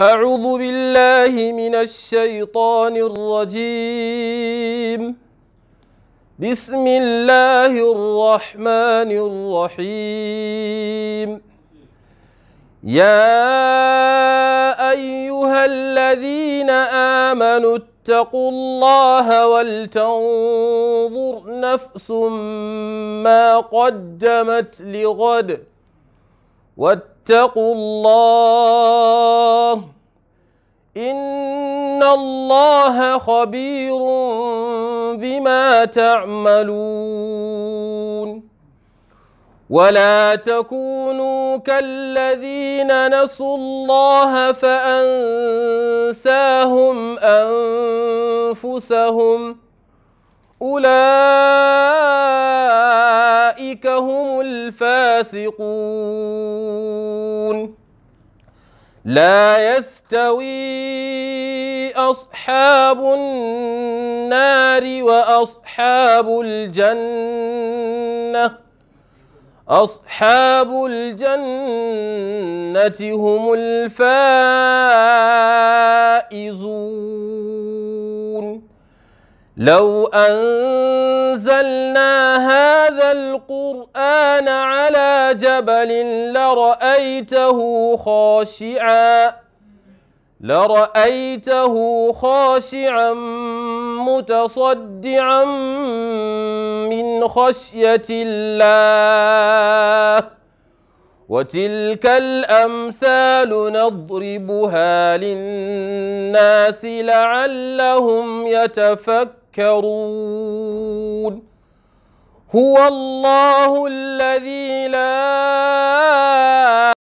أعوذ بالله من الشيطان الرجيم بسم الله الرحمن الرحيم يا أيها الذين آمنوا اتقوا الله ولتنظر نفس ما قدمت لغد اتقوا الله إن الله خبير بما تعملون ولا تكونوا كالذين نسوا الله فأنساهم أنفسهم أولئك أولئك هم الفاسقون لا يستوي أصحاب النار وأصحاب الجنة أصحاب الجنة هم الفائزون لو أنزلنا هذا القرآن على جبل لرأيته خاشعا لرأيته خاشعا متصدعا من خشية الله وتلك الأمثال نضربها للناس لعلهم يتفكرون تذكرون هو الله الذي لا